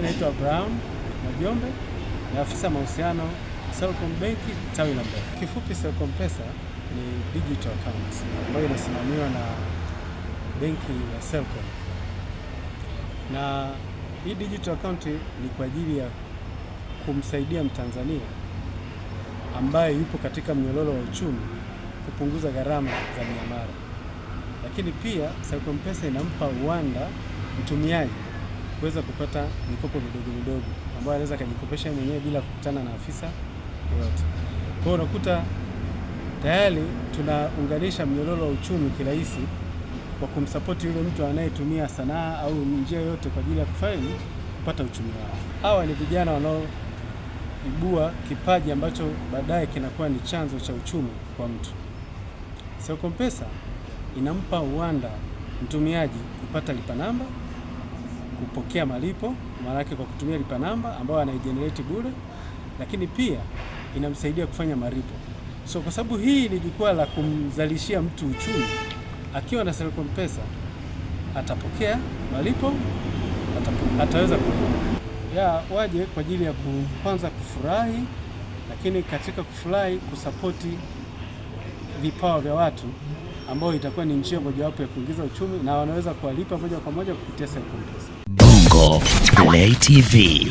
Naitwa Abraham Majombe ni afisa mahusiano Selcom Benki tawi la Mbeya. Kifupi Selcom Pesa ni digital account ambayo inasimamiwa na benki ya Selcom, na hii digital account ni kwa ajili ya kumsaidia Mtanzania ambaye yupo katika mnyororo wa uchumi kupunguza gharama za miamala, lakini pia Selcom Pesa inampa uwanda mtumiaji kuweza kupata mikopo midogo midogo ambayo anaweza akajikopesha mwenyewe bila kukutana na afisa yoyote. Kwa hiyo unakuta tayari tunaunganisha mnyororo wa uchumi kirahisi kwa kumsapoti yule mtu anayetumia sanaa au njia yoyote kwa ajili ya kufaili kupata uchumi wao. Hawa ni vijana wanaoibua kipaji ambacho baadaye kinakuwa ni chanzo cha uchumi kwa mtu. Soko Mpesa inampa uwanda mtumiaji kupata lipa namba kupokea malipo, maana yake kwa kutumia lipa namba ambayo anaigenerate bure, lakini pia inamsaidia kufanya malipo. So kwa sababu hii ni jukwaa la kumzalishia mtu uchumi, akiwa na Selcom Pesa atapokea malipo, ataweza kulipa ya waje kwa ajili ya kwanza kufurahi, lakini katika kufurahi kusapoti vipawa vya watu ambayo itakuwa ni njia mojawapo ya kuingiza uchumi na wanaweza kuwalipa moja kwa moja kupitia Selcom Bongo Play TV.